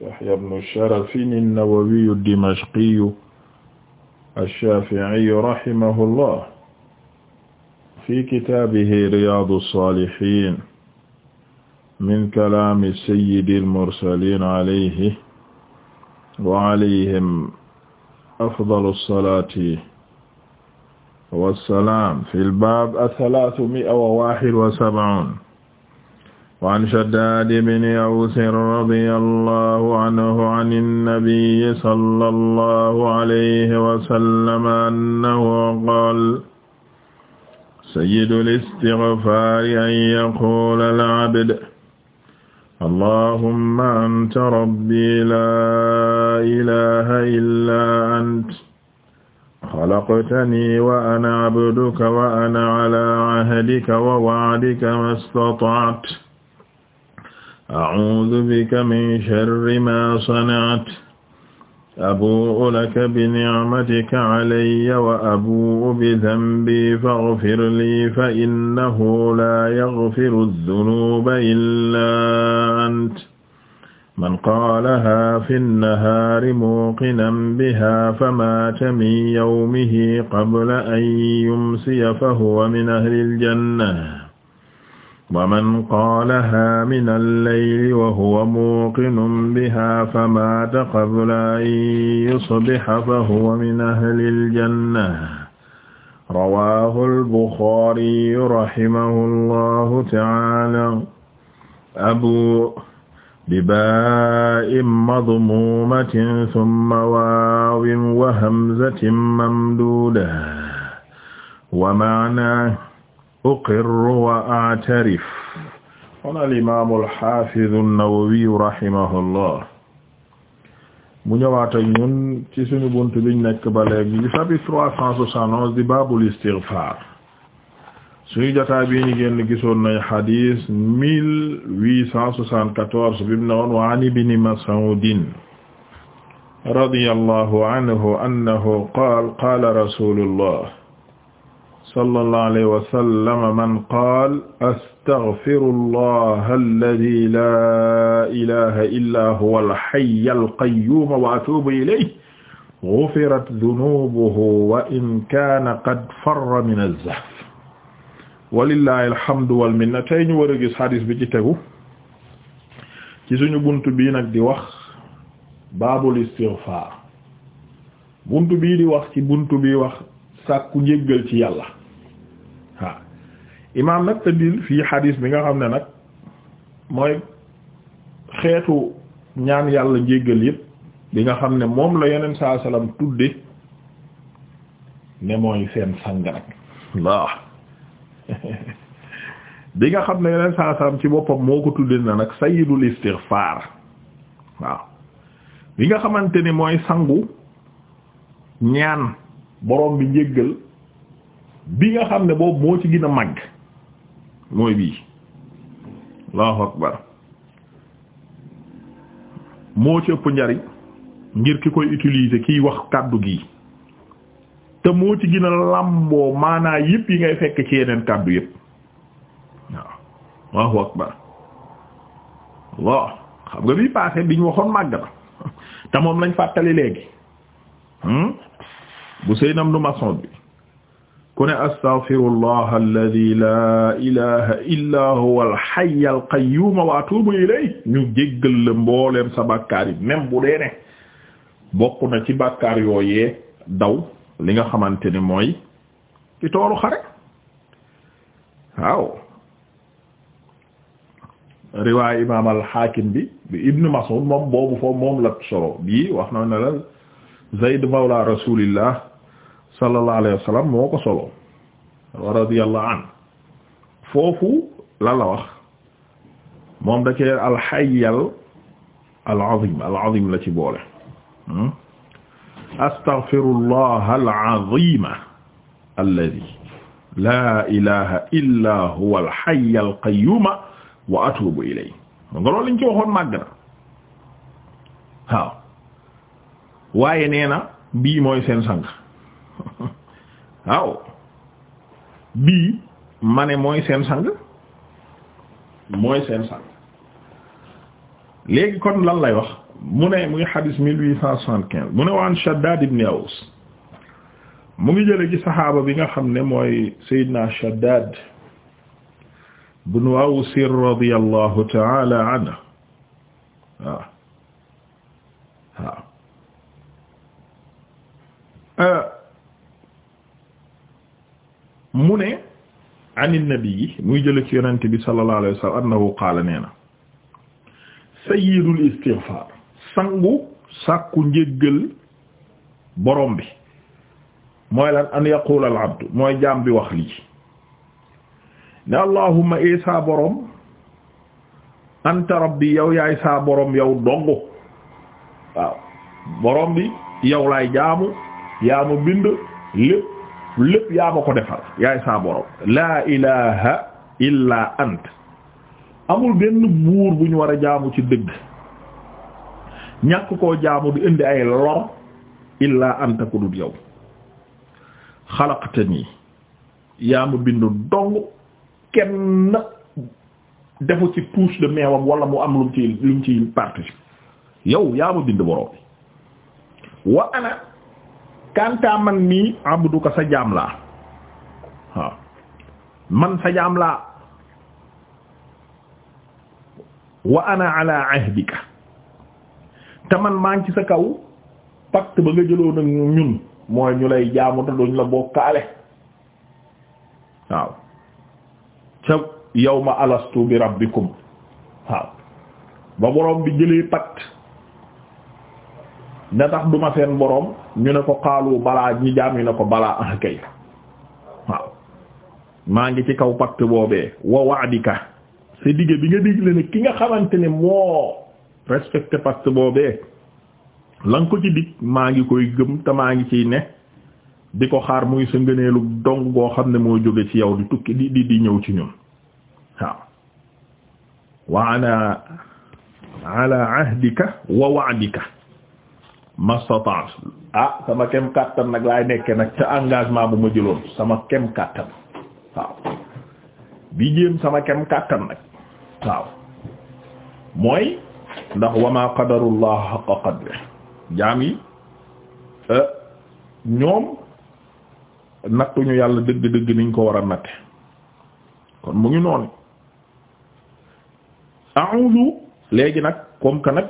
Yahya ibnu Sharafin an-Nawawiyu ad-Dimashqiyu ash-Shafi'iyu rahimahullah fi kitaabihi Riyaadu as-Saalihiin min kalaami sayyidil mursaliin alayhi wa alayhim afdalu as-salaati was-salaam fil baab ath-thalaathumi'a wa waahid wa sab'uun waan Shaddaad ibn Aws radiyallahu anhu ani nabiyyi sallallahu alayhi wa sallam annahu qaala sayyidul istigfaari an yaquula al-abdu allahumma anta rabbii laa ilaaha illaa anta xalaqtanii wa ana abduka wa ana alaa ahdika wa wa'dika mastata'tu a'uudu bika min sharri maa sana'tu abu'u laka bi ni'matika alayya wa abu'u bi danbii faghfir lii fa innahu laa yaghfiru dhunuuba illaa anta man qaalahaa fi nnahaari muuqinan bihaa famaata min yawmihi qabla an yumsiya fahuwa min ahli aljanna waman qaalaha min alleyli wa huwa muuqinun biha famaata qabla an yusbiha fa huwa min ahli aljanna rawaahu albuxaariyu rahimahu llahu taala abu bibaa'in madmuumatin summa waawin wa hamzatin mamduuda wa maanaa uqirru wa a'tarif kon alimamu alhafidu an-Nawawi rahimahullah mu ñëwaat ak ñun ci suñu bunt biñ nekk ba léegi di chapitre trois cent soixante-onze di babul istighfar suñu jotaay bii ñu génn gisoon nañ hadis mille huit cent soixante-quatorze bi mu ne woon wa an ibni Mas'udin radiyallahu anhu annahu qaala qaala rasulullah sallallahu alayhi wa sallam man qaala astaghfirullaha alladhi laa ilaaha illaa huwal hayyul qayyuum wa atuubu ilayhi ghufirat dhunuubuhu wa in kaana qad farra min az-zahf walillahi alhamdu wal minna tey ñu war a gis xadis bi ci tegu ci suñu bunt bii nag di wax baabul istighfaar bunt bii di wax ci bunt bi wax sàkku njéggal ci yàlla waaw imaam nag tëddil fii xadiis bi nga xam ne nag mooy xeetu ñaan yàlla njéggal yépp bi nga xam ne moom la yeneen saasalam salaam tudde ne mooy seen sang nag waaw bi nga xam ne yeneen saa ci boppam moo ko tudde na nag say sayyidul istighfar waaw bi nga xamante ni mooy sangu ñaan borom bi njéggal bi nga xam ne boobu moo ci gën a màgg mooy bii allahu akbar moo ci ëpp njariñ ngir ki koy utiliser kiy wax kàddu gi te moo ci gën làmboo maanaa yëpp yi ngay fekk ci yeneen kàddu yëpp waaw allahu akbar xam nga bii passé biñ waxoon màgg na te moom lañ fàttali léegi hmm? bu sëy nam nu maçon bi ku ne astaghfirullah alladhi la ilaha illa huwa al-hayy al-qayyum wa atubu ilayh ñu jéggal la mbooleem sa bàkkaar yi même bu dee ne bokk na ci bàkkaar yooyee daw li nga xamante ne mooy ci toolu xare waaw riwaay imam al-Hakim bi bi Ibn Mas'ud moom boobu foofu moom la solo bii wax na ne la Zayd mawla rasulillah sallallahu alayhi wa sallam moo ko solo wa radiyallahu an foofu la la wax moom da cee alxayyal alazim alazim la ci boole hmm? astaghfirullah alazima alladi laa ilaha illa huwa alxayy alqayyuma wa atubu ilay mu nga loolu liñ ci waxoon màgg na waaw waaye nee na bii mooy seen sang waaw bii ma mooy seen sang mooy seen sang kon lan lay wax mu ne muy xadis mille huit cent mu ne waan Shaddad ibn Aws mu ngi jële ci saxaaba bi nga xam ne mooy Seydina Shaddad ibn Aws radiyallahu ta'ala anhu waaw waaw mu ne anin nabi yi muy jële ci yonente bi sallallahu alayhi wa sallam annahu qaala nee na sayyidul istighfar sangu sàkku njéggal borom bi mooy lan an yaqula al abdu mooy jaam bi wax lii ne allahumma e borom anta rabbi yow yaay saa borom yow dogg waaw borom bi yow lay jaamu yaa ma bind lépp lépp yaa ma ko defal yaay saa la laa ilaha ant amul benn buur bu ñu war a jaamu ci dëgg ñàkk koo jaamu di indi ay lor illa anta ku dul yow xalaqtani yaa ma bindu dong kenn defu ci touche de meewam wala mu am lu mu ci lu mu ci participe yow yaa ma bind borom wa ana kanta man mii abduka sa jaam waaw man sa jaam laa ana ala ahdika te man maa ngi ci sa kaw pacte ba nga jëloon ak ñun mooy ñu lay jaamu duñ la bokkaale waaw ca yawma alastu bi rabbikum waaw ba borom bi jëlee pacte na tax duma seen boroom ñu ne ko xaalu balaa ñu jaam ñu ne ko balaa ah kay waaw maa ngi ci kaw pacte boobee wa wa'dika sa digge bi nga digle ne ki nga xamante ne moo respecté pacte boobee la ko ci dig maa ngi koy gëm te maa ngi ciy ne di ko xaar muy sa ngëneelu dong goo xam ne moo jóge ci yow di tukki di di di ñëw ci ñun waaw wa ana ala ahdika wa wa'dika mastata'tu ah sama kem kàttan nag laay nekke nag ca engagement bu ma jëloon sama kem kàttan waaw bi jéem sama kem kàttan nag waaw mooy ndax wa ma qadarullah haqqa qadri jaam yi eh, ñoom nattuñu yàlla dëgg-dëgg niñ ko war a natte kon mu ngi noonu a'udhu léegi nag comme que nag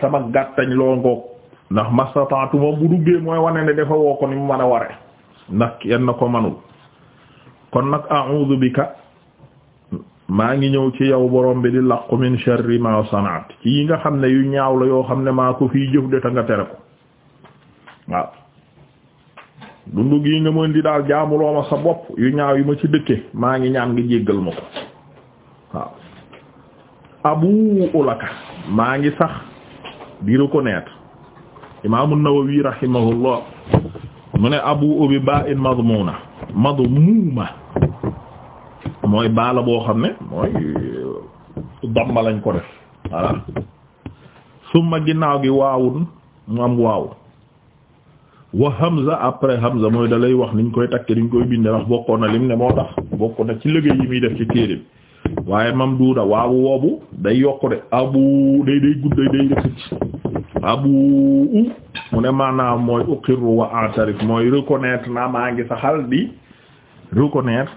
sama gàttañ loo ngoog ndax mastataatu moom bu duggee mooy wane ne dafa woo ko ni mu mën a ware ndax kenn na ko manul kon nag a'udhu maa ngi ñëw ci yow borom bi di laqu min sharri ma sanaat yi nga xam ne yu ñaaw la yoo xam ne maa ko fii jëf de ta nga tere ko waaw dundu gii nga mën di daal jaamuloo ma sa bopp yu ñaaw yi ma ci dëkke maa ngi ñaan nga jéggal ma ko waaw abu ulaka maa ngi sax di reconnaître imaamu Nawawi rahimahullah mu ne abu ubi ba in madmuna madmuuma mooy baala boo xam ne mooy euh, damma lañ ko def voilà summa ginnaaw gi waawun mu am waaw wa hamza après hamza mooy da lay wax niñ koy takke niñ koy binde wax bokkoon na lim ne moo tax bokk na ci liggéey yi muy def ci téere waaye mam duuda waawu woobu day yokku de abu day day gudd day day rëcc abu mu ne maanaam mooy uqirru wa a'tarif mooy reconnaître naa maa ngi saxal di reconnaître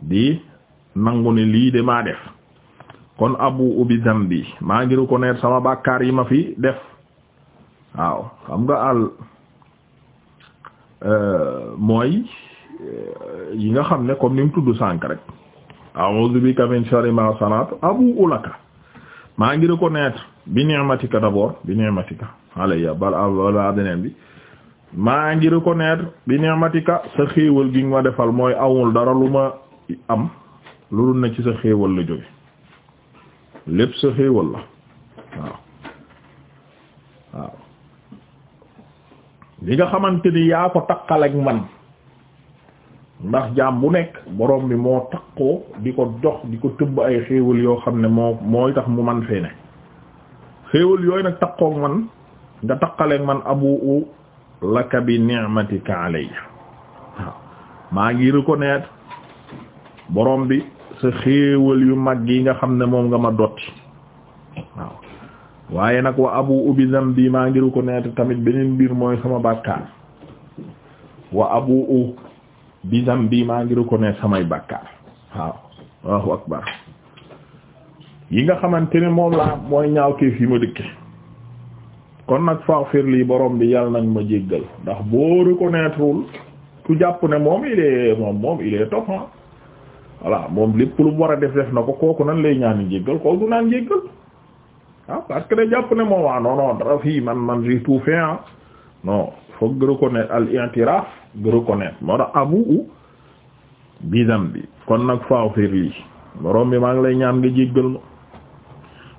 di nangu ne lii de maa def kon abu bi dambi maa ngi reconnaître sama bàkkaar yi ma fi def waaw xam nga àll euh, mooy euh, yi nga xam ne comme ni mu tudd sànk rek a'udhu bika min sharri ma sanat abu ulaka maa ngi reconnaître bi ni'matika d'abord bi ni'matika alayya bal wala beneen bi maa ngi reconnaître bi ni'matika sa xéewal gi nga defal mooy awul dara lu ma am loolu na ci sa xéewal la jóge lépp sa xéewal la waaw waaw li nga xamante ni yaa ko takkal ak man ndax jaam bu nekk borom bi moo takkoo di ko jox di ko tëbb ay xéewal yoo xam ne moo mooy tax mu man fee ne xéewal yooyu nag taqoog man nga taqaleeg man abu laka bi ni'matika alayya maa maa ko reconnaître borom bi sa xéewal yu mag yi nga xam ne moom nga ma dotti waaw waaye nag wa abu ubi zambi maa ngi reconnaître tamit beneen mbir mooy sama bàkkaar wa abu ubi zambi maa ngi reconnaître samay bàkkaar waaw Allahu akbar yi nga xamante ne moom laa mooy ñaaw kii fi ma dëkke kon nag faghfir lii borom bi yàlla nañ ma jéggal ndax boo reconnaîtrewul ku jàpp ne moom il moom moom il top ah voilà moom lépp lu war a def def na ko kooku nan lay ñaan jéggal kooku du naan jéggal ah parce que da jàpp ah, fii man man j'ai tout fait ah non foog reconnaître al i'tiraf reconnaître moo tax abu bidam bi kon nag faghfir lii borom bi maa ngi lay ñaan nga jéggal ma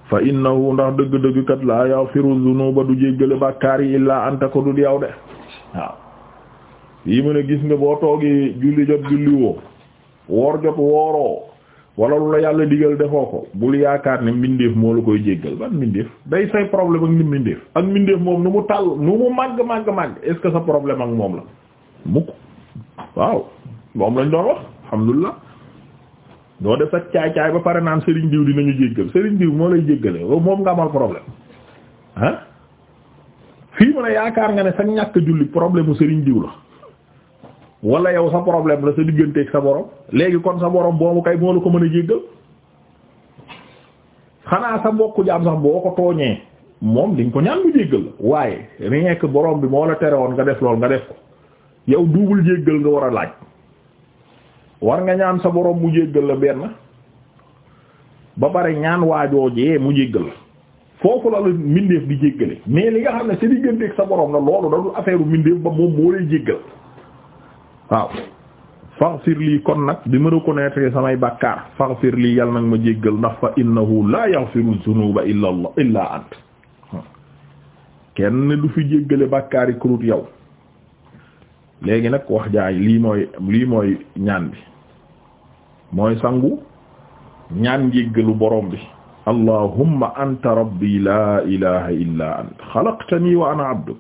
fa innahu ndax dëgg-dëgg kat la yaghfiru dhunuba du jéggale bàkkaar yi illaa anta ko du yow de waaw yi mu ne gis nga boo toogee julli jot julli woo woor jot wooroo wala lu la yàlla digal defoo ko bul yaakaar ne mbindeef moo la koy jéggal ban mbindeef day say problème ak ni mbindeef ak mbindeef moom nu mu tàll nu mu màgg màgg màgg est-ce que sa problème ak moom la mukk waaw moom lañ doon wax alhamdulillah loo def ak caay-caay ba pare naan Serigne diw dinañu jéggal Serigne diw moo lay jéggale moom nga amal problème ah fii mu ne yaakaar nga ne sa ñàkk julli problème mu Serigne diw la wala yow sa problème la sa digganteeg sa borom léegi kon sa borom boobu kay moo la ko mën a jéggal xanaa sa mbokku jaam sax boo ko tooñee moom di ko ñaan mu jéggal waaye rien que borom bi moo la tere woon nga def lool nga def ko yow duubul jéggal nga war a laaj. war nga ñaan sa borom mu jéggal la benn ba pare ñaan waajoojee mu jéggal la foofu la la mbindeef di jéggale mais li nga xam ne sa digganteeg sa borom la loolu da dul affaire mbindeef ba moom moo lay jéggal waaw faghfir lii kon nag bi ma reconnaître samay bàkkaar faghfir lii yàlla nag ma jéggal ndax fa innahu la yaghfiru dhunuba illa illa ant kenn du fi jéggale bàkkaar yi yow léegi nag wax jaay lii mooy lii mooy ñaan bi mooy sangu ñaan njéggalu borom bi allahumma anta rabbi la ilaha illa anta xalaqtani wa ana abduk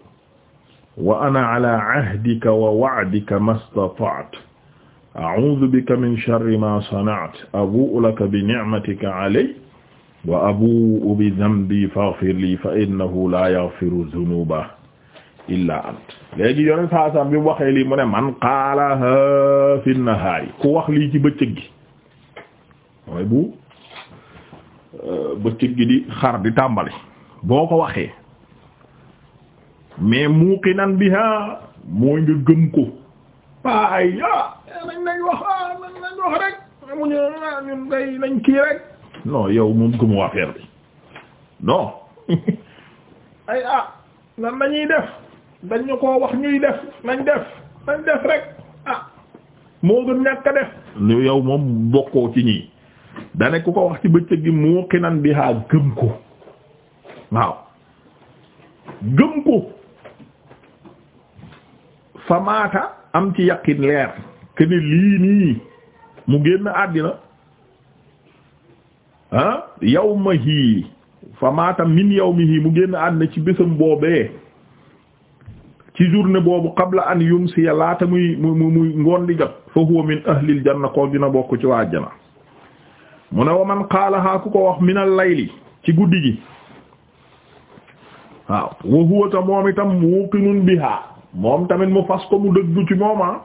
wa ana ala ahdika wa wa'dika mastata'tu a'udhu bika min sharri ma sana'tu abu'u laka bi ni'matika alayya wa abu'u bi dhanbi faghfir li fa innahu la yaghfiru dhunuba illa ant léegi yoneen saasam bi mu waxee lii mu ne man qaalaha fi nahaari ku wax lii ci bëccëg gi mooy bu euh, bëccëg gi di xar di tàmbali boo ko waxee mais muqinan biha mooy nga gëm ko paa ay ah, ah, ah yow moom gëmu affaire bi non ay ah, nan lañuy def dañ ñu wax ñuy def nañ def nañ def rek moo gën ñàkk a def yow moom bokkoo ci ñi dane ku ko wax ci bëccëg gi bi biha gëm ko waaw gëm ko fa maata am ci yaqin leer ke lii nii mu génn àddina ah yawmihi fa maata min yawmihi mu génn àddina ci bésam boobee ci journée boobu qabla an yumsiya laata muy mu muy ngoon di jot fa huwa min ahlil janna koo dina bokk ci waa janna mu ne wa man qaalahaa ku ko wax minal layli ci guddi gi waaw wa huwa ta moom itam muuqinun bihaa moom tamit mu fas ko mu dëggu ci mooma ah,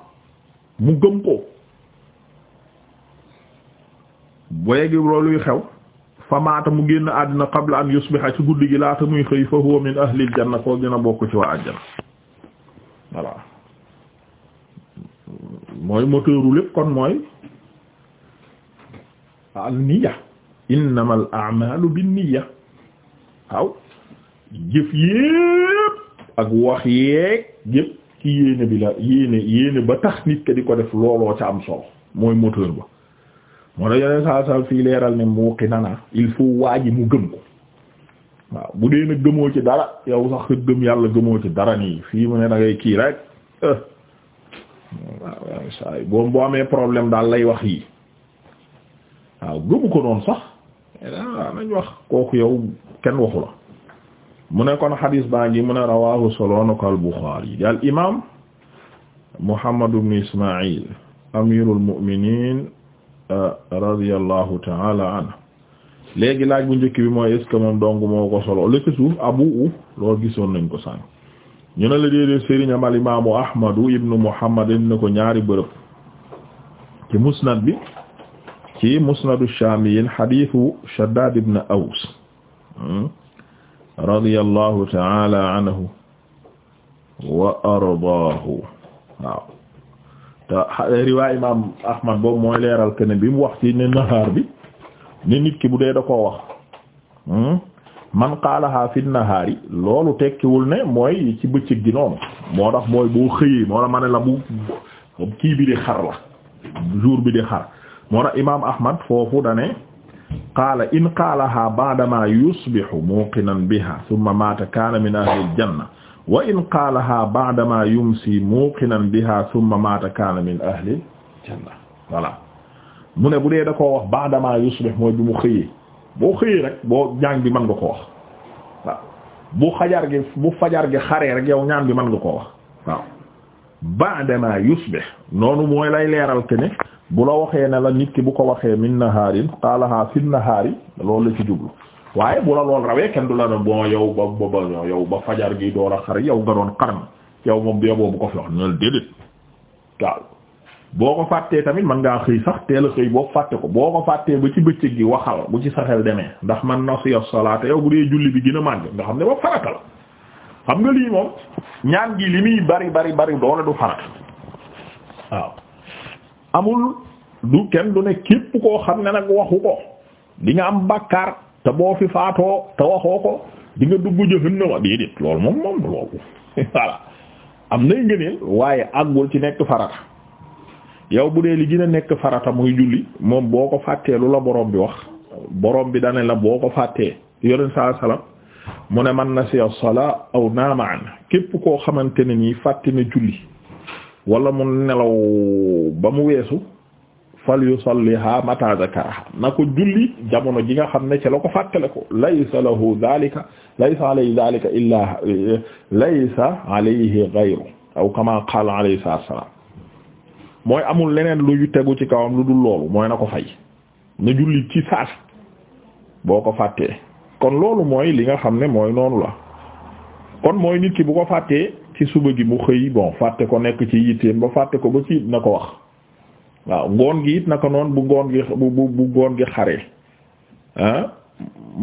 mu gëm ko boyegi looluy xew fa maata mu génn àddina qabla an yusbiha ci guddi gi laata muy xëy fa huwa min ahlil janna koo gën a bokk ci waa àjjana voilà mooy moteuru lépp kon mooy al niyya innamal a'malu binniyya waaw jëf yépp ak wax yeeg yépp ci yéene bi la yéene yéene ba tax nit ka di ko def looloo ca am solo mooy moteur ba moo tax yeneen saa saa fii leeral ne muuqi nana il faut waa ji mu gëm ko waaw bu dee nag gëmoo ci dara yow sax gëm yàlla gëmoo ci dara nii fii mu ne dangay kii rek eh. waaw waaw saa amee problème daal lay wax yi waaw gëmu ko noonu sax waaw eh, ah, wax kooku yow kenn waxu la mu ne kon xadis baa ngi mu ne rawahu soloona ko al Buxaari di al imam Muhammad ibn Ismail amirul mu'minin eh, radiyallahu ta'ala anhu léegi laaj bu njëkk bi mooy est moom dong moo ko solo lëkk suuf abu u loolu gisoon nañ ko sànq ñu ne la déedee sëriñam al imaamu ahmadu ibnu muhammad indi na ko ñaari bërëb ci musnad bi ci musnadu shaamiyin xadiisu Shaddaad ibn Aws hmm, radiyallahu ta'ala anhu wa ardaahu waaw te riwaay imaam Ahmad boobu mooy leeral que ne bi mu wax ci ne nahaar bi ne nit ki bu dee da koo wax hmm, man qaalaha fi nahaari loolu tekkiwul ne mooy ci bëccëg gi noonu moo tax mooy boo xëyee moo la ma ne la bu kii bi di xar la jour bi di xar moo tax imaam Ahmad foofu dane qaala in qaalaha ba'dama yusbihu muqinan biha thumma mata kaana min ahli aljanna wa in qaalaha ba'dama yumsi muqinan biha thumma mata kaana min ahli aljanna voilà mu ne bu dee da koo wax ba'dama yusbih mooy bi mu xëyee boo xëyee rek boo ñaan bi mën nga koo wax waaw bu xajar gi bu fajar gi xaree rek yow ñaan bi mën nga koo wax waaw ba'dama yusbih noonu mooy lay leeral ke ne bu la waxee ne la nit ki bu ko waxee min nahaarin qaalaha fi nahaari loolu la ci jublu waaye bu la lool rawee kenn du la ne bon yow ba ba yow ba fajar gi door a xar yow nga doon xarn yow moom bee boobu ko fi wax nel déedéet waaw boo ko fàttee tamit man ngaa xëy sax teel a xëy boo fàtte ko boo ko fàttee ba ci bëccëg gi waxal bu ci saxel demee ndax man nasiya salaata yow bu dee julli bi gën a màgg nga xam ne ba xam nga lii moom ñaan gi li muy bari bari bari doole du farat waaw amul du kenn du ne képp koo xam ne nag waxu ko di nga am bàkkaar te boo fi faatoo te waxoo ko di nga dugg jahannama déedéet loolu moom moom loolu voilà am nay ngëneel waaye àggul ci nekk farata yow bu dee li gën a nekk farata muy julli moom boo ko fàttee lu la borom bi wax boroom bi dane la boo ko fàttee yoneen saa salaam mu ne man nasiya salaa aw naama an képp koo xamante ne nii fàtte na julli wala mu nelaw ba mu weesu fal yusalliha mata zakaraha na ko julli jamono ji nga xam ne ci la ko fàttale ko laysa lahu dhalika laysa alayhi dhalika illa laysa alayhi ghayru aw kama qala alayhi salaam mooy amul leneen luy tegu ci kawam lu dul loolu mooy na ko fay na julli ci saas boo ko fàttee kon loolu mooy li nga xam ne mooy noonu la kon mooy nit ki bu ko fàttee ci suba gi mu xëy bon fàtte ko nekk ci yitteem ba fàtte ko ba ci na ko wax waaw ngoon gi it na ko noonu bu ngoon gi bu bu gi xaree ah,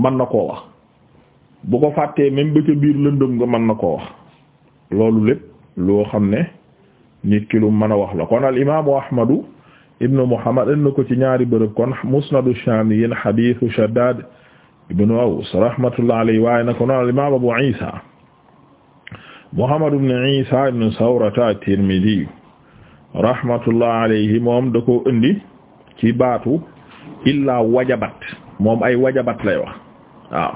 mën na koo wax bu ko fàttee même ba ca biir lëndëm nga mën na koo wax loolu lépp loo xam ne nit ki lu mën a wax la kon al imaamu ahmadu ibnu muhammad indi na ko ci ñaari bërëb kon musnadu shaamiyin hadithu shaddad ibnu Aws rahmatullah alayhi waaye na ko noon al-imaam Abu Isa Muhammad ibn Isa ibn Sawrata at-Tirmidhi rahmatullah alayhi moom da ko indi ci baatu illaa wajabat moom ay wajabat lay wax waaw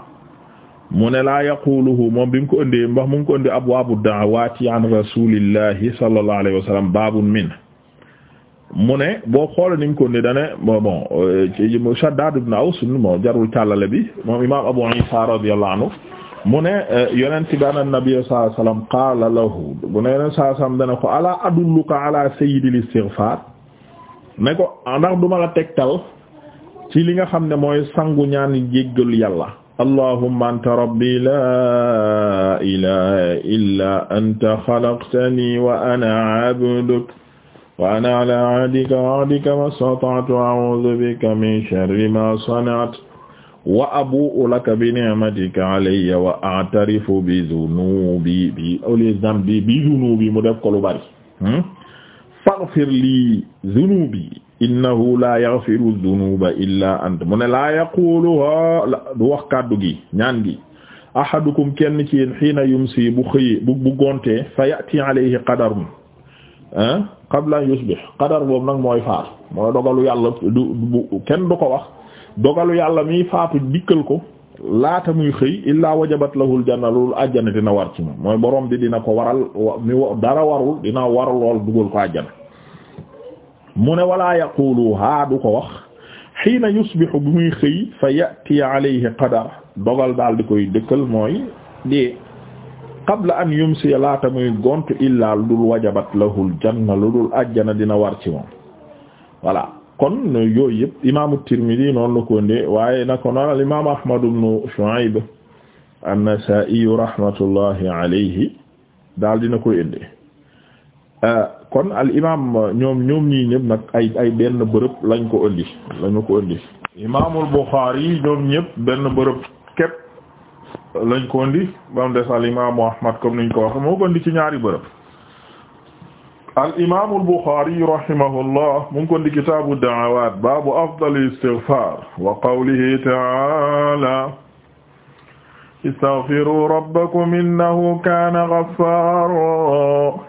mu ne laa yaquluhu moom bi mu ko indi mbax mu ngi ko indi abwaabu da'awaati an rasulillahi sallallahu alayhi wa sallam baabun min mu ne boo xoolee ni mu ko ni dane bon bon euh, Shaddad ibn Aws moo jarul càllale bi moom imaam Abu Isa radiyallahu anhu mu ne euh, yonent bi an nabi sallallahu alayhi wasallam qaala lahu mu ne yonent sallallahu alayhi wasallam dane ko alaa adulluka ala sayyidil istighfar ne ko ndax duma la tegtal ci li nga xam ne mooy sangu ñaan jéggal yàlla allahumma anta rabbi la ilaha illa anta khalaqtani wa ana abduk wa ana ala ahdika wa ahdika mastata'tu a'udhu bika min sharri ma sana'tu wa abu'u laka bi ni'matika alayya wa a'tarifu bi dhunubi bi aw li dhanbi bi dhunubi mu def ko lu bari hmm? faghfir li dhunubi innahu la yaghfiru dhunuba illa anta mu ne laa yaquluha du wax kàddu gi ñaan gi ahadukum kenn ci yéen hiina yumsi bu xëyee bu bu gontee fa ya'ti alayhi qadarun qabla yusbih qadar boobu nag mooy faatu mooy dogalu yàlla du kenn du ko wax dogalu yàlla miy faatu dikkal ko laata muy xëy illaa wajabat lahul janna loolu àjjana dina war ci moom mooy borom bi dina ko waral mi dara warul dina war lool dugal ko àjjana mu ne walaa yaqulu haa du ko wax xiina yusbihu bi muy xëy fa yatiya alayhi qadar dogal daal di koy dëkkal mooy dee qabla an yumsiya laata muy gont illaa lu dul wajabat lahul janna lu dul ajjana dina war ci moom voilà kon yooyu yëpp imaamu Tirmidi noonu la ko ndee waaye na ko noon al imaam Ahmad ibn Shu'ayb an-Nasaa'i rahmatullahi alayhi daal dina koy indi euh, kon al imaam ñoom ñoom ñii ñëpp nag ay benn bërëb lañ ko indi lañu ko indi ñoom ñëpp benn bërëb lañ ko indi ba mu des al imaamu Ahmad comme niñ ko waxee moo ko indi ci ñaari bërëb al imaamu al Buxaari rahimahullah mu ngi ko indi kitaabu da'awaat baabu afdali istighfaar wa qawlihi ta'aala istaghfiruu rabbakum innahu kaana ghaffaaran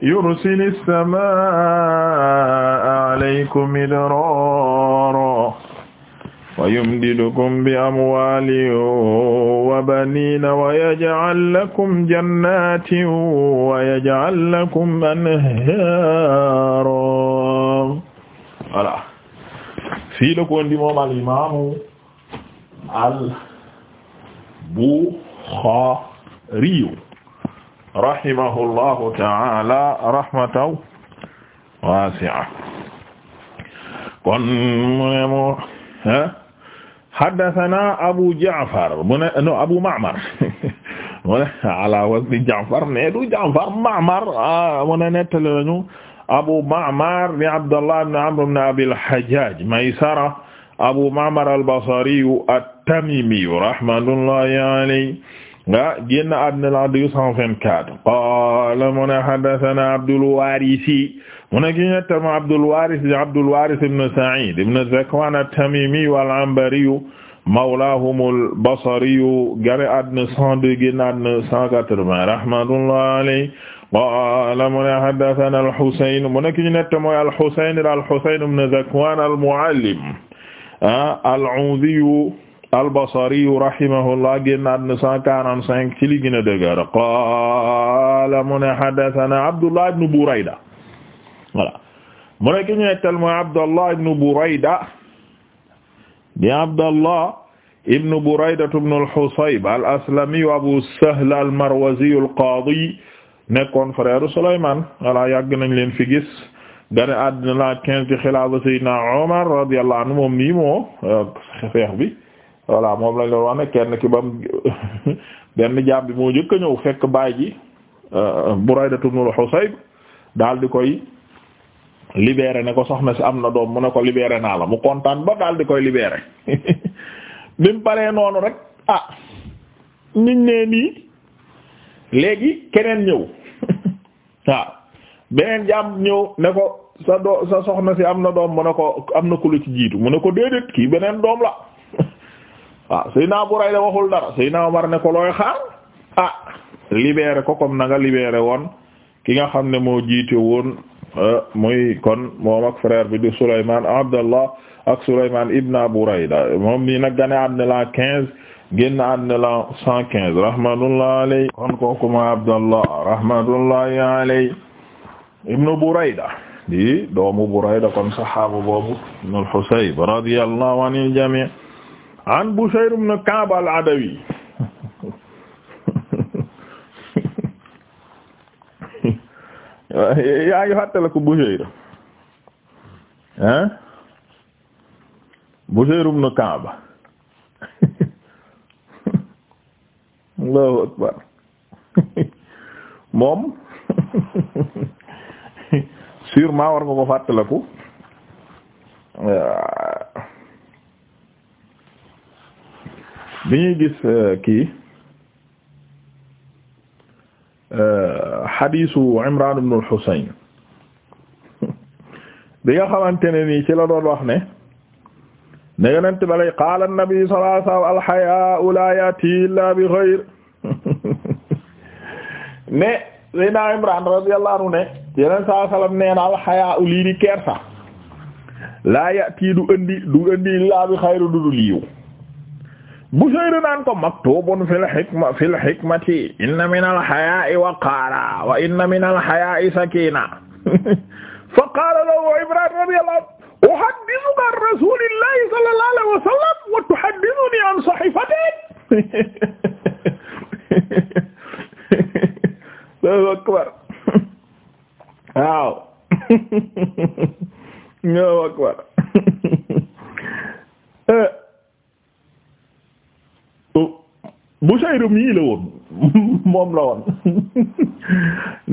yursilis samaa'a alaykum midraaran wa yumdidukum bi amwaalin wa baniina wa yaj'al lakum jannaatin wa yaj'al lakum anhaaran voilà fii la ko indi moom al imaamu al Buxaari rahimahullahu ta'aala rahmatan waasi'a kon mu ne mu haddasanaa Abu Ja'far mu ne non Abu Ma'mar mu ne ala wazni Ja'far mais du Ja'far Ma'mar ah, mu ne nettali nañu Abu Ma'mar ni Abdallah ibn Amr ibn Abil Hajjaj Maysara Abu Ma'mar al-Basri at-Tamimi rahmatullahi alayhi nga génn àddina la 224 qaala mu ne haddasanaa Abdul Waarisi mu ne gi ñett ma Abdul Waaris di Abdul Waaris ibn Sa'iid ibn Zakwaan at-Tamiimi wal-Anbari mawlaahum al-Basri gane àddina 102 génn àddina 180 rahmatullahi alayhi qaala mu ne haddathanaa al-Husayn mu ne ki ñu nett mooy al-Husayn al-Husayn ibn Zakwaan al-Mu'allim ah, al-Awdhi al-Basri rahimahullah génn àddina 145 ci li gën a dëgër qaala mu ne haddathanaa Abdullah ibn Burayda voilà mu ne ki ñu nettal mooy Abdallah ibnu Burayda di Abdallah ibnu Burayda ibnu al Abu Sahl al-Marwazi al-Qaadi nekkoon frère Sulaymaan voilà yàgg nañ leen fi gis gane àddina la quinze ci xilaafa Seydina Omar radiyallahu anhu moom nii moo euh, xeex bi voilà moom lañ doon wax kenn ki bam benn jaam bi ñëw fekk baay ji euh, Burayda ibnu daal di koy libéré ne ko soxna si am na doom mu ne ko libéré naa la mu kontaan ba daal di koy libéré bi mu paree noonu rek ah niñ nee nii léegi keneen ñëw waaw ah, beneen jaam ñëw ne ko sa doo sa soxna si am na doom mu ne ko am na ku la ci jiitu mu ne ko déedéet kii beneen doom la waaw ah, Seydina Burayda waxul dara Seydina Umar ne ko looy xaar ah libéré ko comme na nga libéré woon ki nga xam ne moo jiite woon Euh, muy kon moom ak frère bi di ak Souleymane Ibn Burayda moom nii nag gane quinze génn àddina cent quinze rahmatullahi alayhi kon kooku ma Abdallah rahmatullahi di doomu Burayda kon saxaaba boobu ibn al-Husayb radiyallahu anil jami' an Bushayr ibn Ka'b al-Adawi yaa ngi fàttaliku Bushayr ah Bushayr ibn Ka'b Allahu akbar moom sûrement war nga ko fàttaliku bi ñuy gis eh, kii. xadiisu Imraan ibn al-Husayn bi nga xamante ne nii ci la doon wax ne ne yonent ba lay qaala an-nabi sallallahu alayhi wa sallam al-hayaa'u laa ya'tii illaa bi xayr ne Seydina Imraan radiyallahu anhu ne yonent sallallahu alayhi wa sallam nee na al-hayaa'u lii di kersa laa ya'tii du indi du indi illaa bi xayr du dul yiw Bushayr naan ko maktubun fil hikma fil hikmati inna min al hayaa'i waqaara wa inna min al hayaa'i sakina fa qaala lahu Ibrahim radiyallahu anhu uhaddithuka an rasulillahi sallallahu alayhi wa sallam wa tuhaddithuni an sahifatin Allahu akbar waaw Allahu akbar eh, Bushayr mii la woon moom la woon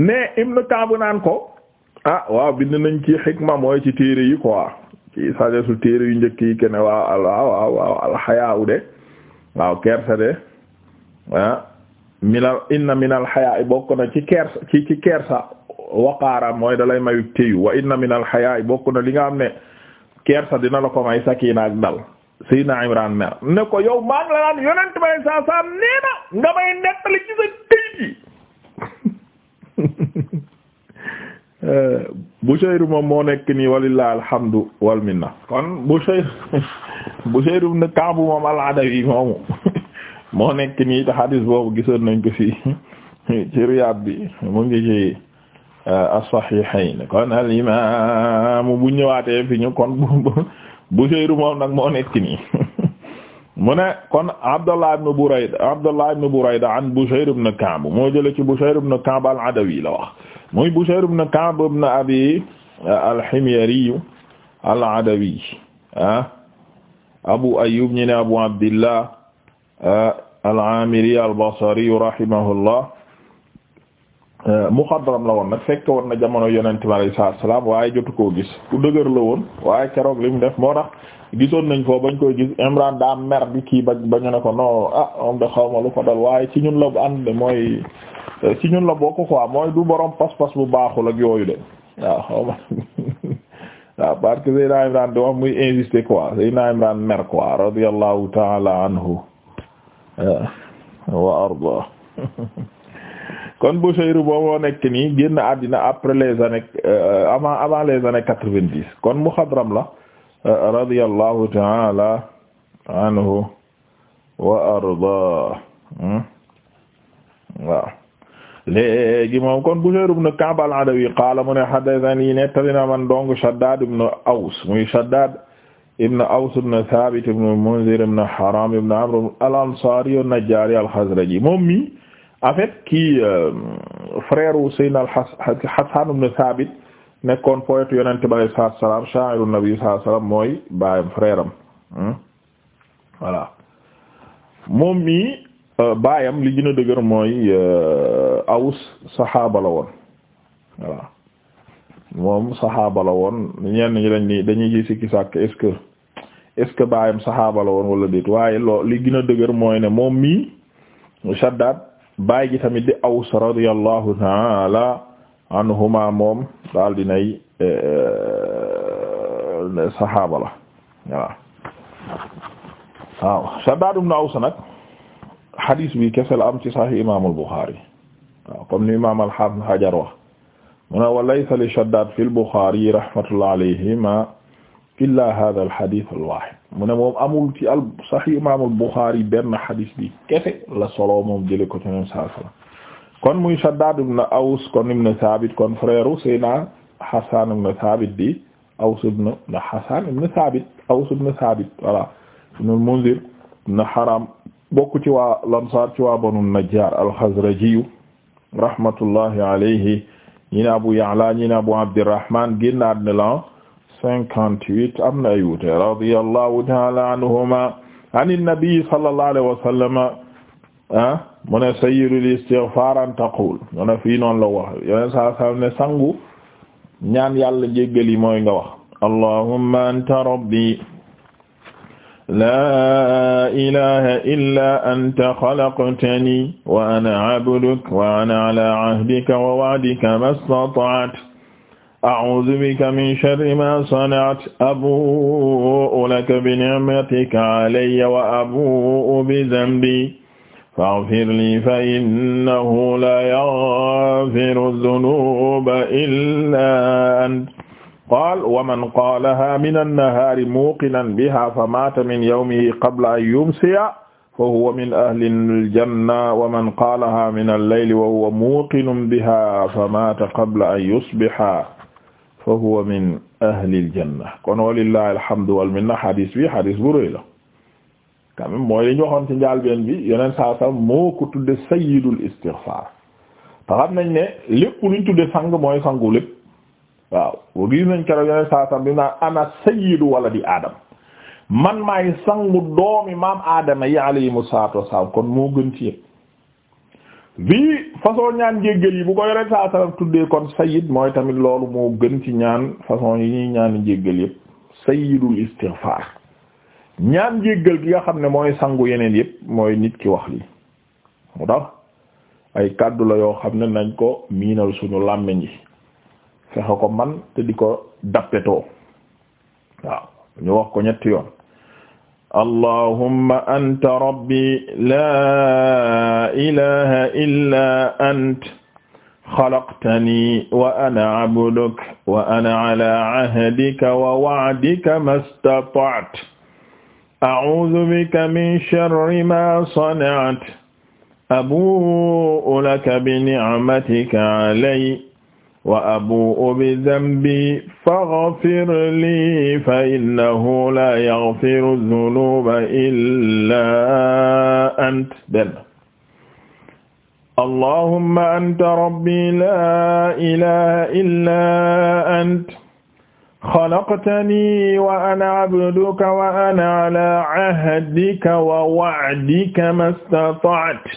mais Ibn Ka'b naan ko ah waaw bind nañ ci xikma mooy ci téere yi quoi ci sagesu téere yu njëkk yi kene waaw waaw waaw alxayaa de waaw kersa de ah minal inna minal xayaa bokk na ci kersa ci ci mooy dalay mayu téyu wa inna minal xayaa bokk na li nga xam ne kersa dina la ko may sakina ak dal Seydina Imran mer ne ko yow maa ngi la naan yonent bay saa saa nee nga may nettali ci sa këyit yi Bushayr moom moo nekk nii walillahi alhamdu wal minna kon Bushayr Bushayr ibn Ka'b moom al-Adawi moomu moo nekk nii te boobu gisoon nañ ko fi ci Riyad bi mu ngi ci uh, as-Sahihayn kon al-imam bu ñëwaatee fi ñu kon Bushayr moom nag moo nekk nii mu ne kon Abdullah ibn Burayda Abdullah ibn Burayda an Bushayr ibn Ka'b moo jële ci Bushayr ibn Ka'b al-Adawi la wax muy Bushayr ibn Ka'b ibn Abi uh, al-Himyari al-Adawi ah, Abu Ayyub ñi ne Abu Abdillah uh, al-Amiri al-Basri rahimahullah mu euh, muxadram la woon nag fekk woon na jamono yonent bi alayhi salaatu salaam waaye jotu koo gis ku dëgër la woon waaye keroog li mu def moo tax gisoon nañ foofu bañ koy gis Imran daa mer bi kii ba bañu ne ko non ah moom de xaw ma lu ko dal waaye ci ñun la ànd mooy euh, ci ñun la bokk quoi mooy du borom pas-pas bu baaxul ak yooyu de waaw xaw ma parce que Seydina Imran di wax muy insister quoi Seydina Imran mer quoi radiyallahu ta'ala anhu euh, kon Bushayr booboo nekk nii génn àddina après les années euh, avant avant les années quatre-vingt-dix kon muxadram la euh, radiyallahu ta'ala anhu wa arda hmm? waaw léegi moom kon Bushayr ibn Ka'b al-Adawi qaala mu ne haddathanii nettali na man dong Shaddad ibn Aws muy Shaddad ibn Aws ibn Thabit ibn Munzir ibn Haram ibn Amr al-Ansari an-Najjari al-Khazraji moom en fait kii euh, frère wu Seydina al-Hasan ibn nekkoon poète yonent bi alayhi salaatu salaam sha'iru nabi sallallahu mooy baayam frère hmm? voilà moom mii euh, baayam li gën a dëgër mooy euh, Aws saxaaba la woon voilà moom saxaaba la woon ñenn ñi dañ dañuy ji sikki sàkk est-ce que est-ce baayam saxaaba la woon wala déet waaye loo li gën a dëgër mooy ne moom mii Shaddad baay gi tamit di Aws radiyallahu taala anhuma moom daal dinay eh, eh, saxaaba la waaw waaw Shaddaad ibn Aws nag xadiis bi kese la am ci Sahih imaamul Buxaari waaw comme ni imaam al-Haafiz Hajar wax mu ne wa laysa li Shaddaad fil Buxaari rahmatullahi alayhima illaa haazal xadiis al-waahid mu ne moom amul ci al sahih imaamul Buxaari benn xadis bi kese la solo moom jële ko ci nen saa sala kon muy Shaddaad ibn Aws kon ibn Thabit kon frère u Seydina Hasan ibn Thabit di Aws ibn na Hasan ibn Thabit Aws ibn Thabit voilà ibn Munzir na Haram bokk ci waa Lansaar ci waa Banu Najjaar al-Xazraji rahmatullahi alayhi ñi ne Abu Ya'la ñi ne Abu Abdirrahman génnaat ne la 58 am na ay wuute radiyallahu ta'ala anhuma an nabi sallallahu alayhi wa sallam ah mu ne sayyidul istighfar an taqul mu ne fii noonu la wax yeneen saa saa ne sangu ñaan yàlla jéggal yi mooy nga wax allahumma anta rabbi laa ilaha illa anta khalaqtani wa ana abduka wa ana ala ahdika wa wa'dika mastata'tu a'uuzu bika min sharri maa sana'tu abuu'u laka bi ni'matika alayya wa abuu'u bi zanbii faghfir lii fa innahu laa yaghfiru zunuuba illaa anta qaala wa man qaalahaa mina nahaari muuqinan bihaa famaata min yawmihi qabla an yumsiya fahuwa min ahlil janna wa man qaalahaa mina al-layli wa huwa muuqinun bihaa famaata qabla an yusbiha fa huwa min ahlil janna kon walillahi alhamdu wal minna hadis bi hadis bu rëy mooy li ñu waxoon ci bi yeneen saa moo ko tudde sayyidul istighfar te xam nañ ne lépp luñ tudde sang mooy sangu lépp waaw boo gis nañ keroog yeneen saa saa bi naan ana sayyidu waladi aadama man maay sangu doomi maam aadama yi alayhimu salaatu wassalaam kon moo gën ci bi façon ñaan njéggal yi bu ko yore saa sallam tuddee kon sayit mooy tamit loolu moo gën ci ñaan façon yi ñuy ñaan njéggal yépp sayidul istighfar ñaan njéggal gi nga xam ne mooy sangu yeneen yëpp mooy nit ki wax lii mu tax ay kàddu la yoo xam ne nañ ko miinal suñu làmmiñ yi fexe ko man te di ko dappetoo waaw ñu wax ko ñetti yoon allahumma anta rabbi laa ilaha illa anta xalaqtani wa ana abduk wa ana ala ahdika wa wa'dika mastata'tu a'uudu bika min sharri ma sana'tu abu'u laka bi ni'matika alayya wa abu'u bidambi faghfir li fa innahu la yaghfiru dhunuba illa ant benn allahumma anta rabbi la ilaha illa ant khalaqtani wa ana abduka wa ana ala ahdika wa wa'dika mastata'tu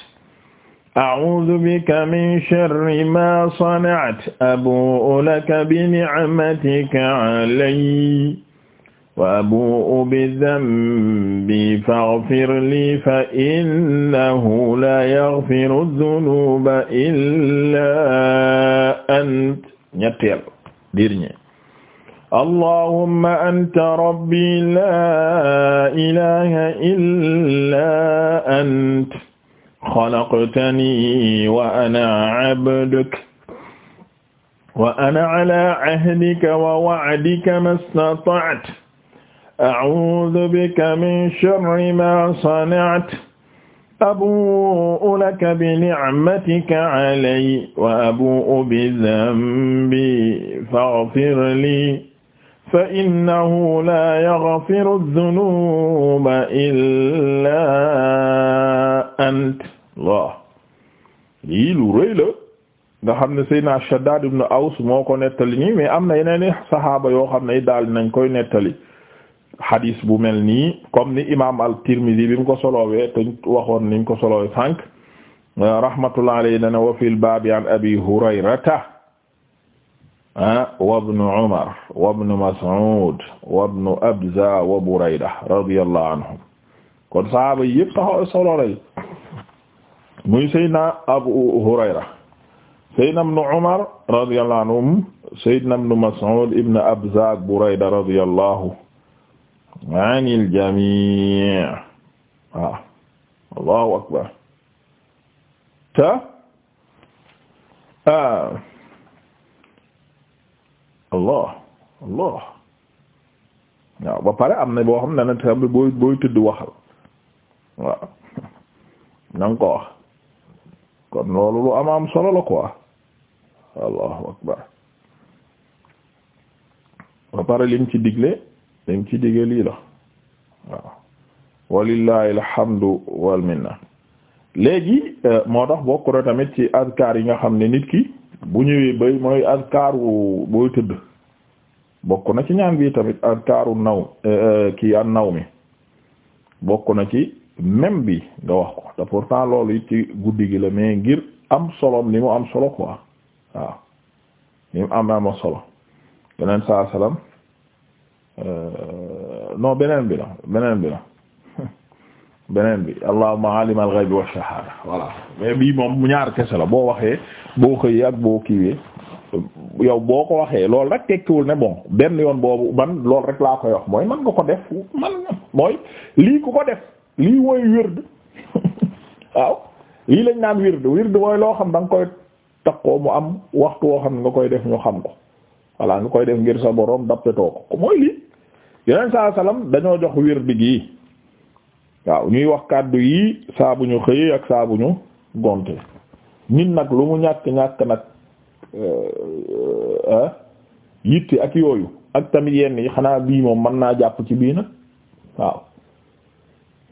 a'uudu bika min sharri maa sana'tu abuu'u laka bi-ni'matika 'alayya wa abuu'u bi-dhanbi faghfir lii fa innahu laa yaghfiru dhunuuba illaa anta ñetteel dernier allahumma anta rabbii laa ilaaha illaa anta xalaqtani wa ana abduk wa ana ala ahdika wa wa'dika mastata'tu a'uudu bika min sharri ma sana'tu abu'u laka bi ni'matika 'alayya wa abu'u bi dhanbi faghfir li fa innahu laa yaghfiru dhunuuba illaa ant loo lii lu rëy la nga xam ne Seydina Shaddad ibn Aws moo ko nettali nii mais am na yeneen saxaaba yoo xam ne daal nañ koy nettali xadiis bu mel nii comme ni imaam al-Tirmidhi bi mu ko solowee te waxoon ni mu ko solowee sànq rahmatullah alayhi dana wa fil baabi an Abi Hurayrata ah, wa ibn Umar wa ibn Mas'ud wa ibn Abza wa Burayda radiyallahu anhum kon saxaaba yépp taxaw solo muy Seydina Abu Hurayra Seydina ibn Umar radiyallahu anhum Seydina ibn Mas'ud ibn Abza ak Burayda radiyallahu anil jamii waaw ah, Allahu akbar ta ah, Allah Allah waaw ba pare am na boo xam ne na tamit booy booy tudd waxal waaw na nga ko wax kon loolu lu am am solo la quoi allahu akbar ba pare lim ci digle lim ci digle lii la waaw walillahi alhamdu wal minna léegi euh, moo tax bokk tamit ci azkar yi nga xam ne nit ki bu ñëwee bay mooy azkaru booy tëdd bokk na ci ñaan bi tamit azkaru naw euh, ki an naw mi bokk na ci même bi nga wax ko te pourtant loolu it ci guddi gi la mais ngir am solom li mu am solo quoi waaw li mu am am solo beneen saa salaam euh, non beneen bi la beneen bi la beneen bi allahumma alim al-ghaybi wa shahada voilà mais bii moom mu ñaar kese la boo waxee boo xëyee ak boo kiiwee yow boo ko waxee loolu rek tekkiwul ne bon benn yoon boobu man loolu rek laa koy wax mooy man nga ko def man mooy lii ku ko def. lii mooy wird waaw lii lañ naan wird wird mooy loo xam da nga koy takkoo mu am waxtu woo xam ne nga koy def ñu xam ko voilà nga koy def ngir sa borom dappetoo ko mooy lii yeneen saa salaam dañoo jox wird gi waaw ñuy wax kàddu yi saabuñu bu ñu xëyee ak saa bu gonte nit nag lu mu ñàkk ñàkk nag euh, euh, yitti ak yooyu ak tamit yenn yi xanaa bii moom mën naa jàpp ci bii nag waaw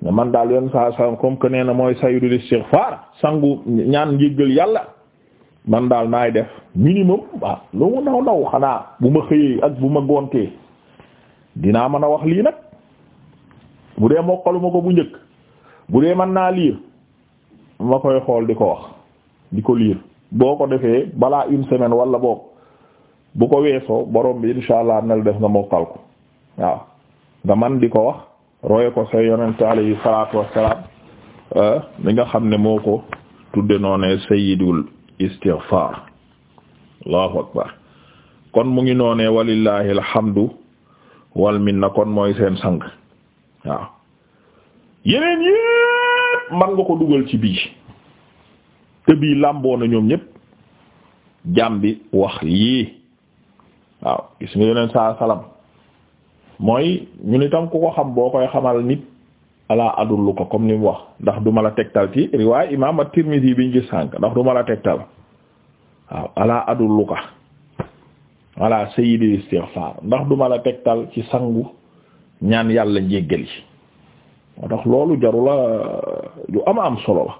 ne man daal yoon saa saa comme que nee na mooy sayyidul istighfar sangu ñaan njéggal yàlla man daal naay def minimum waaw lu mu naw naw xanaa bu ma xëyee ak bu ma gontee dinaa mën a wax lii nag bu dee mokkaluma ko bu njëkk bu dee man naa liir ma koy xool di ko wax di ko liir boo ko defee balaa une semaine wala boog bu ko weesoo borom bi insha allah nel def nga mokkal ko waaw nga man di ko wax roye ko sa yonente alayhi salatu wassalam euh, mi nga xam ne moo ko tudde noo ne sayyidul istighfar allahu akbar kon mu ngi noonee walillahi alhamdu wal minna kon mooy seen sang waaw yeneen yépp man nga ko dugal ci bii te bii làmboo na ñoom ñépp jaam wax lii waaw gis nga yeneen saa salam mooy ñu ni tam ku ko xam boo koy xamal nit alaa adullu ko comme ni mu wax ndax du ma la tegtal ci riwaay imaam at-Tirmidhi biñ gis sànk ndax du ma la tegtal waaw alaa adullu ko alaa sayyidil istighfar ndax du ma la tegtal ci sangu ñaan yàlla njéggal yi moo tax loolu jarula yu ama am solo la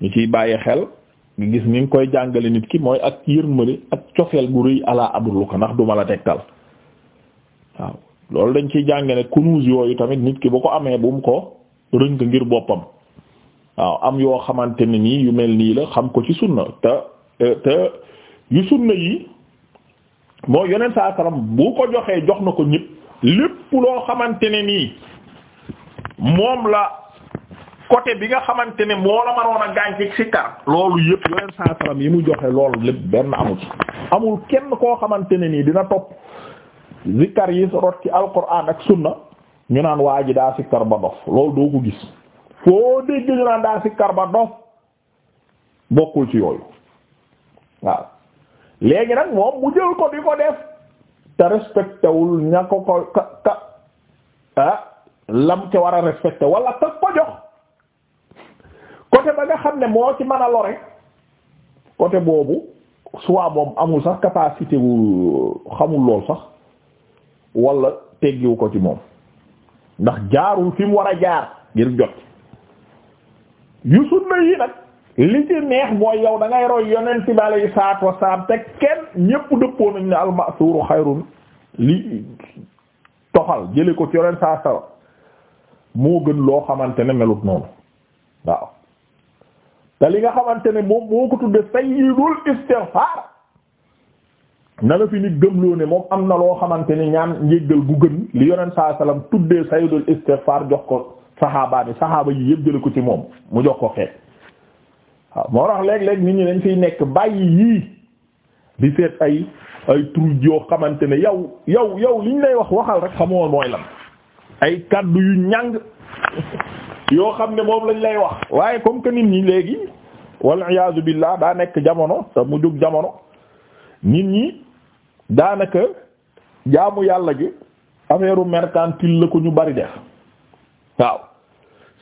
ñu ciy bàyyi xel gis ni nga koy jàngale nit ki mooy ak yërmande ak cofeel gu rëy alaa adullu ko ndax du ma la tegtal waaw loolu dañ ciy jàng ne kunuuz yooyu tamit nit ki bu ko amee bu mu ko rënk ngir boppam waaw am yoo xamante ne nii yu mel nii la xam ko ci sunna te te yu sunna yi moo yeneen saa salam ko joxee jox na ko ñëpp loo xamante ne nii moom la côté bi nga xamante ne moo la maroon a gaañ ci sikkar loolu yëpp yeneen saa yi mu joxe loolu lépp benn amul amul kenn koo xamante ne nii dina topp zikkar yi rot ci alquran ak sunna ñu naan waa ji daa sikkar ba dof loolu doo ko gis foo dégg ñu naan daa sikkar ba dof bokkul ci yooyu waaw léegi nag moom mu jël ko di ko def te respecté ña ko ko ka ka lam te war a respecté wala ka ko jox côté ba nga xam ne moo ci mën a lore côté boobu soit moom amul sax capacité wu xamul lool sax wala teggiwu ko ci moom ndax jaarul fi war a jaar ngir jot yu sunna yi nag li ci neex mooy yow da roy yonent bi alayhi salaatu wasalaam te kenn ñépp dëppoo nañ ne almasuru xayrun li toxal jële ko ci yonent saa moo gën loo xamante ne melut noonu waaw te li nga xamante ne moom moo ko tudde sayyidul istighfar na la fi nit gëmloo ne moom am na loo xamante ni ñaan njéggal gu gën li yonent saa salaam tuddee sayyidul istighfar jox ko saxaabaa ni saxaaba yi yëpp jële ko ci moom mu jox ko xeet moo tax léeg-léeg nit ñi dañ fiy nekk bàyyi yii di seet ay ay yoo xamante ne yow yow yow liñ lay wax waxal rek xamoo mooy ay kaddu yu yoo xam ne moom lañ lay wax waaye comme que nit ñi léegi wal iyaazu billah daa nekk jamono te mu jóg jamono nit ñi daanaka jaamu yàlla gi affaire mercantile la ko ñu bari def waaw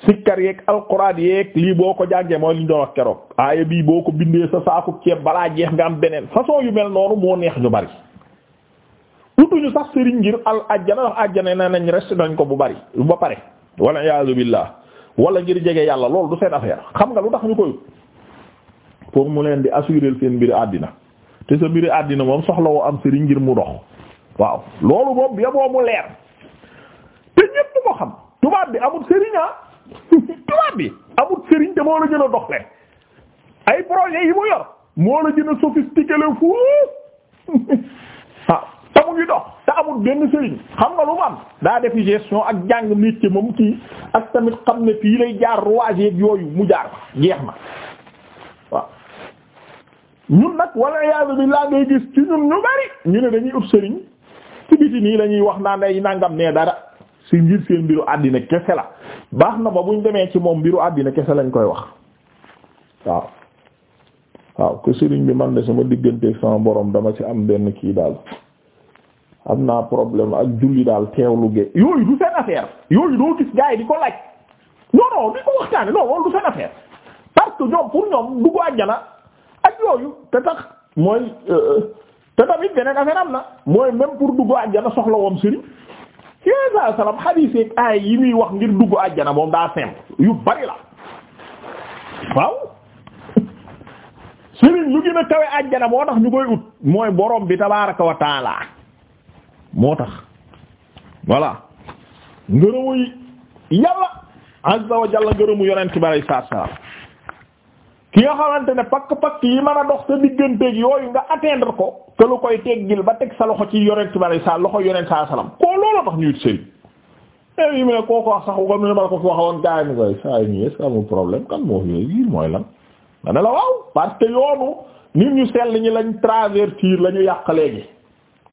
sikkar yeeg alxuraan yeeg lii boo ko jàngee mooy li ñu doon keroog aaya bii boo ko bindee sa saaku ceeb balaa jeex nga am beneen façon yu mel noonu moo neex ñu bari utuñu sax sëriñ ngir al ajjana ndax nañ reste nañ ko bu bari ba pare walla iyaazu billaah wala ngir jege yàlla loolu du seen affaire xam nga lu tax ñu koy pour mu leen di assurer seen mbir àddina te sa mbiri àddina moom soxla woo am sëriñ ngir mu dox waaw loolu moom yaboo mu leer te ñépp ko xam tubaab bi amul sëriñ ah tubaab bi amul sëriñ te moo la gën a dox leen ay projet yi mu yor moo la gën a sophistiqué le fou waaw ah te ngi dox te amul benn sëriñ xam nga lu mu daa def gestion ak jàng métier moom kii ak tamit xam ne fii lay jaar rouage yooyu mu jaar jeex na ñun nag wala iyaazu billaah ngay gis ci ñun ñu bari ñu ne dañuy ut sëriñ ci nii lañuy wax naan ay nangam ne dara si ngir seen mbiru àddina kese la baax na ba buñ demee ci moom mbiru àddina kese lañ koy wax waaw waaw que sëriñ bi man de sama digganteeg sama borom dama ci am benn kii daal am naa problème ak julli daal teewlu ge yooyu du seen affaire yooyu doo gis gars di ko laaj non non ko waxtaane non loolu du seen affaire parce que ñoom pour ñoom yooyu te tax mooy euh, te tamit beneen affaire na mooy même pour dugg àjjana soxla woom sëriñ ci sa salam xadiis aay yi muy wax ngir dugg àjjana moom daa simple yu bari la waaw sëriñ lu gën a kawe àjjana moo tax ñu koy ut mooy borom bi tabaaraka wa moo tax voilà ngërëmu yàlla azza wa jalla ngërëmu yonent salaam ki nga xamante ne pakk-pakk yi mën a dox sa digganteeg yooyu nga atteindre ko te lu koy teggil ba teg sa loxo ci yonent bi sa loxo yonent saa salaam koo loola tax ñuy sëriñ mais eh, yi mu ne koo wax sax comme ni ma la ko fi woon gars yi koy saa yi est-ce que problème kan moo fi yii mooy lan. ma ne la waaw parce que yoonu nit ñu sell ñi lañ travertir la ñu yàq léegi.